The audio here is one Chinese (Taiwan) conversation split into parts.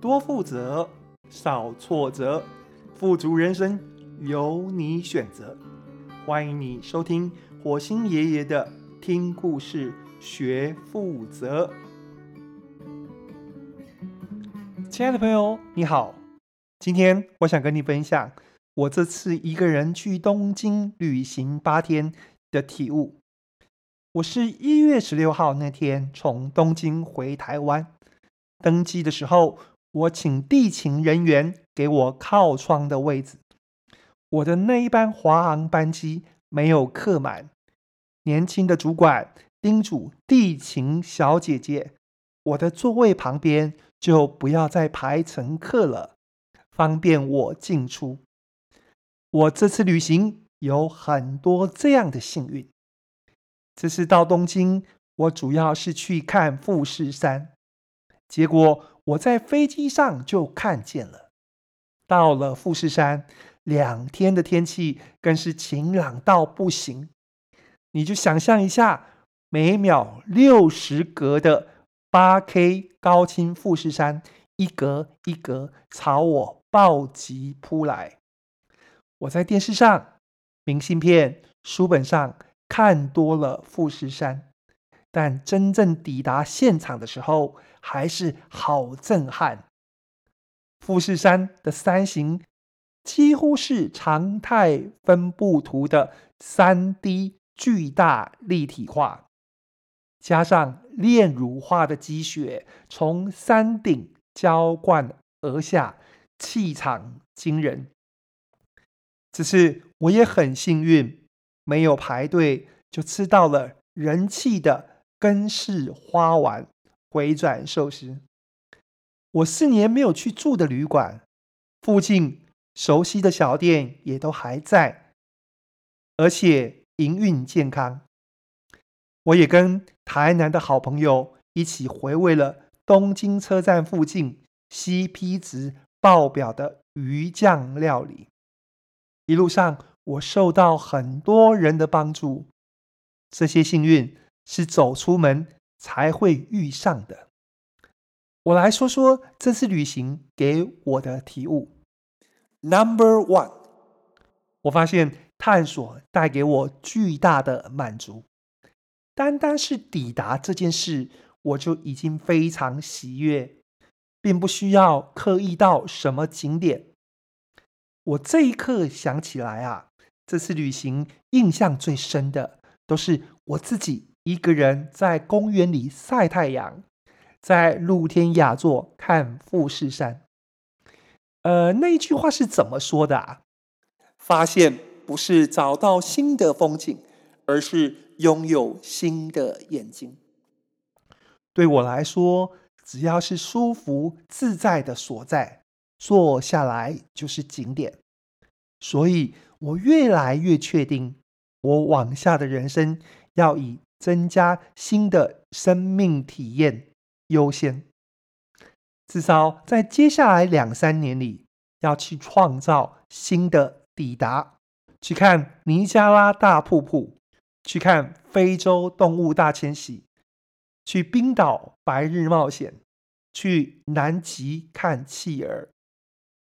多富擇，少挫折，富足人生由你選擇。歡迎你收聽火星爺爺的聽故事學富擇。親愛的朋友，你好，今天我想跟你分享我這次一個人去東京旅行八天的體悟。我是一月十六號那天從東京回台灣，登機的時候，我請地勤人員給我靠窗的位置。我的那一班華航班機沒有客滿。年輕的主管叮囑地勤小姐姐：“我的座位旁邊就不要再排乘客了，方便我進出。”我這次旅行有很多這樣的幸運。這次到東京，我主要是去看富士山。結果我在飛機上就看見了，到了富士山，兩天的天氣更是晴朗到不行。你就想象一下，每秒六十格的八 K 高清富士山，一格一格朝我暴擊撲來。我在電視上、明信片、書本上看多了富士山，但真正抵達現場的時候，還是好震撼！富士山的山形幾乎是常態分布圖的三 D 巨大立體化，加上煉乳化的積雪從山頂澆灌而下，氣場驚人。只是我也很幸運，沒有排隊就吃到了人氣的根室花丸。回轉壽司，我四年沒有去住的旅館，附近熟悉的小店也都還在，而且營運健康。我也跟台南的好朋友一起回味了東京車站附近 CP 值爆表的魚醬料理。一路上，我受到很多人的幫助，這些幸運是走出門，才會遇上的。我來說說這次旅行給我的體悟。Number one，我發現探索帶給我巨大的滿足。單單是抵達這件事，我就已經非常喜悅，並不需要刻意到什麼景點。我這一刻想起來啊，這次旅行印象最深的都是我自己。一個人在公園裡曬太陽，在露天雅座看富士山。呃，那一句話是怎麼說的啊？發現不是找到新的風景，而是擁有新的眼睛。對我來說，只要是舒服自在的所在，坐下來就是景點。所以，我越來越確定，我往下的人生要以。增加新的生命體驗優先，至少在接下來兩三年裡，要去創造新的抵達，去看尼加拉大瀑布，去看非洲動物大遷徙，去冰島白日冒險，去南極看企鵝。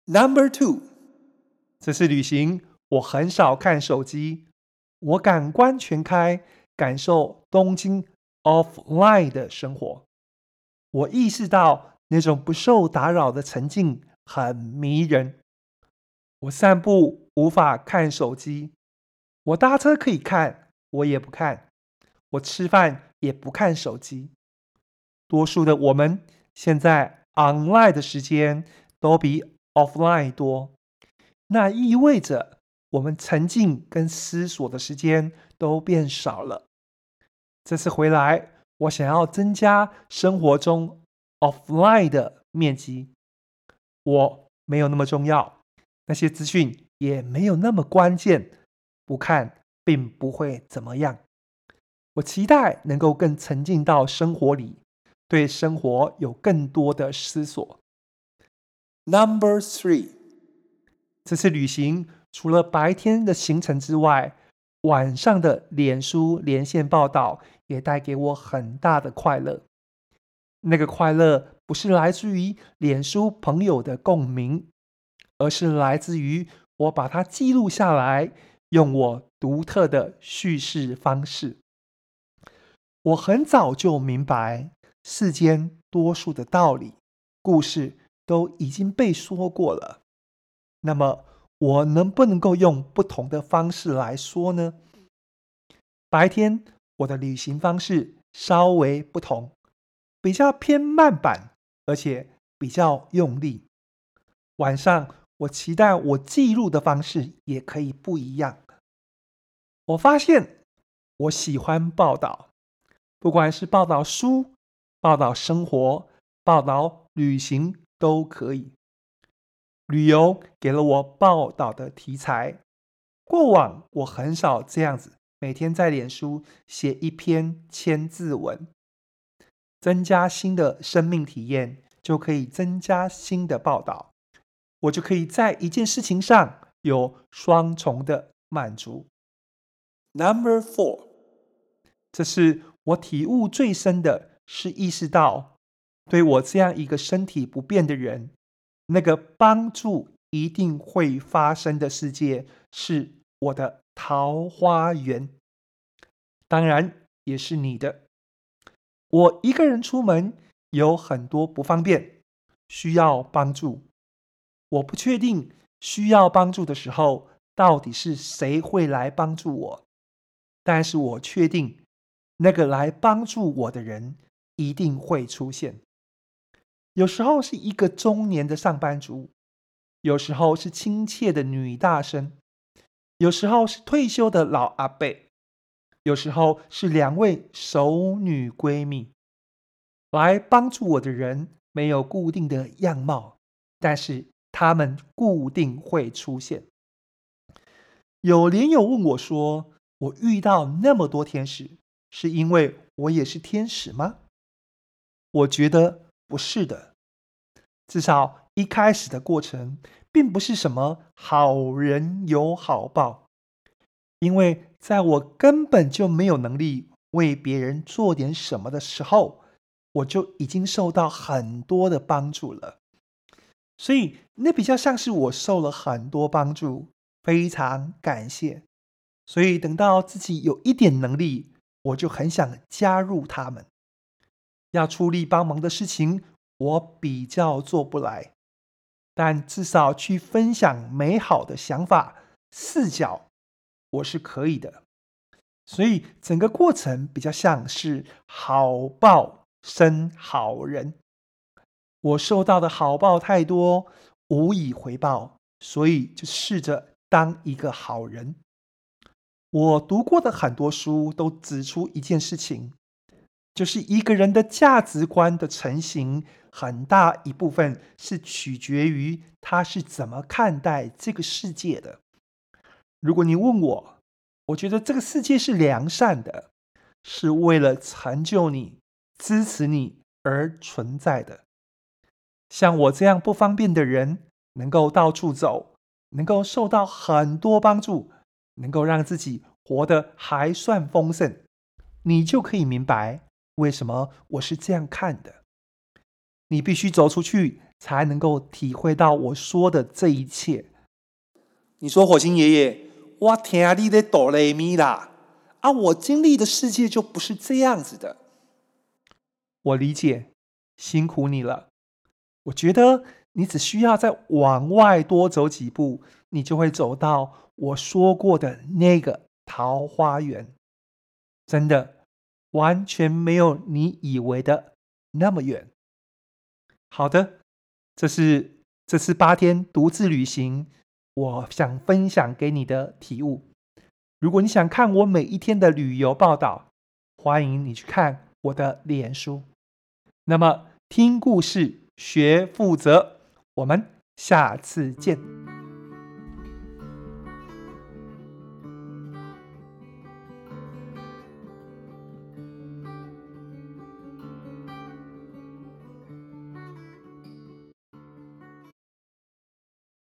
Number two，這次旅行我很少看手機，我感官全開。感受東京 offline 的生活，我意識到那種不受打擾的沉靜很迷人。我散步無法看手機，我搭車可以看，我也不看。我吃飯也不看手機。多數的我們現在 online 的時間都比 offline 多，那意味着我們沉浸跟思索的時間都變少了。這次回來，我想要增加生活中 offline 的面積。我沒有那麼重要，那些資訊也沒有那麼關鍵，不看並不會怎麼樣。我期待能夠更沉浸到生活裡，對生活有更多的思索。Number three，這次旅行除了白天的行程之外，晚上的臉書連線報道也帶給我很大的快樂。那個快樂不是來自於臉書朋友的共鳴，而是來自於我把它記錄下來，用我獨特的敘事方式。我很早就明白，世間多數的道理，故事都已經被說過了。那麼。我能不能夠用不同的方式來說呢？白天我的旅行方式稍微不同，比較偏慢板，而且比較用力。晚上我期待我記錄的方式也可以不一樣。我發現我喜歡報道，不管是報道書、報道生活、報道旅行都可以。旅遊給了我報道的題材。過往我很少這樣子，每天在臉書寫一篇千字文，增加新的生命體驗，就可以增加新的報道。我就可以在一件事情上有雙重的滿足。Number four，這是我體悟最深的，是意識到對我這樣一個身體不便的人。那個幫助一定會發生的世界是我的桃花源，當然也是你的。我一個人出門有很多不方便，需要幫助。我不確定需要幫助的時候到底是誰會來幫助我，但是我確定那個來幫助我的人一定會出現。有時候是一個中年的上班族，有時候是親切的女大生，有時候是退休的老阿伯，有時候是兩位熟女閨蜜。來幫助我的人沒有固定的樣貌，但是他們固定會出現。有連友問我說：“我遇到那麼多天使，是因為我也是天使嗎？”我覺得。不是的，至少一開始的過程並不是什麼好人有好報，因為在我根本就沒有能力為別人做點什麼的時候，我就已經受到很多的幫助了。所以那比較像是我受了很多幫助，非常感謝。所以等到自己有一點能力，我就很想加入他們。要出力幫忙的事情，我比較做不來，但至少去分享美好的想法、視角，我是可以的。所以整個過程比較像是好報生好人，我受到的好報太多，無以回報，所以就試着當一個好人。我讀過的很多書都指出一件事情。就是一個人的價值觀的成型，很大一部分是取決於他是怎麼看待這個世界的。如果你問我，我覺得這個世界是良善的，是為了成就你、支持你而存在的。像我這樣不方便的人，能夠到處走，能夠受到很多幫助，能夠讓自己活得還算豐盛，你就可以明白，為什麼我是這樣看的？你必須走出去，才能夠體會到我說的這一切。你說火星爺爺，我聽你的哆來咪啦啊！我經歷的世界就不是這樣子的。我理解，辛苦你了。我覺得你只需要再往外多走幾步，你就會走到我說過的那個桃花源。真的。完全沒有你以為的那麼遠。好的，這是這次八天獨自旅行，我想分享給你的體悟。如果你想看我每一天的旅遊報道，歡迎你去看我的臉書。那麼，聽故事，學富擇，我們下次見。